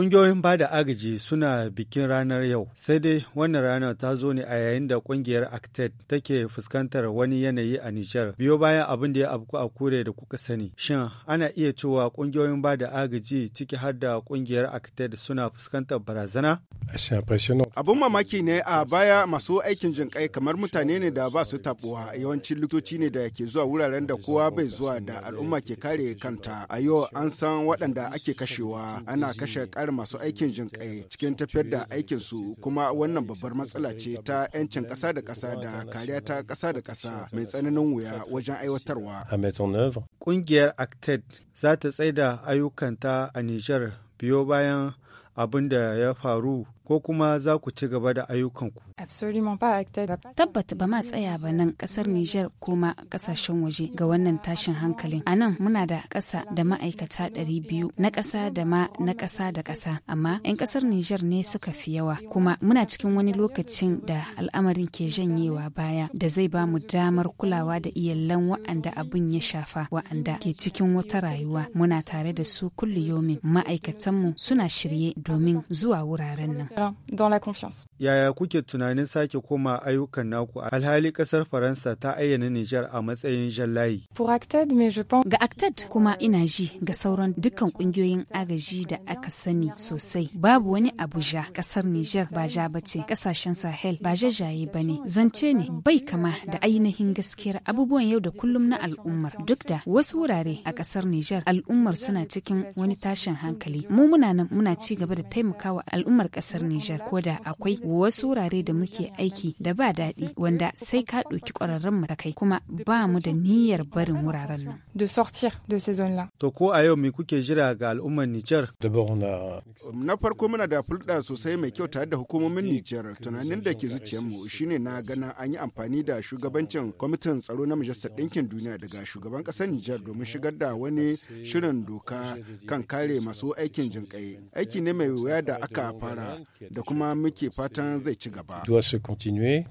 Ƙungiyoyin ba da agaji suna bikin ranar yau, sai dai wannan ranar ta zo ne a yayin da ƙungiyar Acted take fuskantar wani yanayi a Nijar. Biyo bayan abin da ya afku a kure da kuka sani. Shin ana iya cewa ƙungiyoyin ba da agaji ciki har da ƙungiyar Acted suna fuskantar barazana? Abin mamaki ne a baya masu aikin kai kamar mutane ne da ba su taɓuwa yawancin likitoci ne da ke zuwa wuraren da kowa bai zuwa da al'umma ke kare kanta. A yau an san waɗanda ake kashewa ana kashe ƙarar bangaren masu aikin jinƙai cikin tafiyar da aikin su kuma wannan babbar matsala ce ta 'yancin ƙasa da ƙasa da kariya ta ƙasa da ƙasa mai tsananin wuya wajen aiwatarwa. Ƙungiyar Acted za ta tsaida ayyukanta a Nijar biyo bayan abin da ya faru ko kuma za ku ci gaba da ayyukanku. Tabbata ba ma tsaya ba nan ƙasar Nijar ko ma ƙasashen waje ga wannan tashin hankalin. A nan muna da ƙasa da ma'aikata ɗari biyu na ƙasa da ma na ƙasa da ƙasa amma 'yan ƙasar Nijar ne suka fi yawa kuma muna cikin wani lokacin da al'amarin ke janyewa baya da zai ba mu damar kulawa da iyalan wa'anda abin ya shafa wa'anda ke cikin wata rayuwa muna tare da su kulliyomin ma'aikatanmu suna shirye shirye domin zuwa wuraren nan. Yaya kuke tunanin sake koma ayyukan naku alhali ƙasar Faransa ta ayyana Nijar a matsayin jallayi? Ga Acted kuma ina ji ga sauran dukkan ƙungiyoyin agaji da aka sani sosai. Babu wani Abuja kasar Nijar ba ja ba ce kasashen Sahel ba jajaye ba ne. Zance ne bai kama da ainihin gaskiyar abubuwan yau da kullum na al'ummar duk da wasu wurare a kasar Nijar al'ummar suna cikin wani tashin hankali. Mu muna nan muna ci ci gaba da taimakawa al'ummar kasar Nijar ko da akwai wasu wurare da muke aiki da ba daɗi wanda sai ka ɗauki ƙwararrun matakai kuma ba mu da niyyar barin wuraren nan. De sortir de ces zones To ko a yau me kuke jira ga al'ummar Nijar? Na farko muna da fulɗa sosai mai kyau tare da hukumomin Nijar tunanin da ke zuciyarmu shine na gana an yi amfani da shugabancin kwamitin tsaro na majalisar ɗinkin duniya daga shugaban ƙasar Nijar domin shigar da wani shirin doka kan kare masu aikin jinƙai. ne mai wuya da aka fara da kuma muke fatan zai ci gaba. Doit se continuer.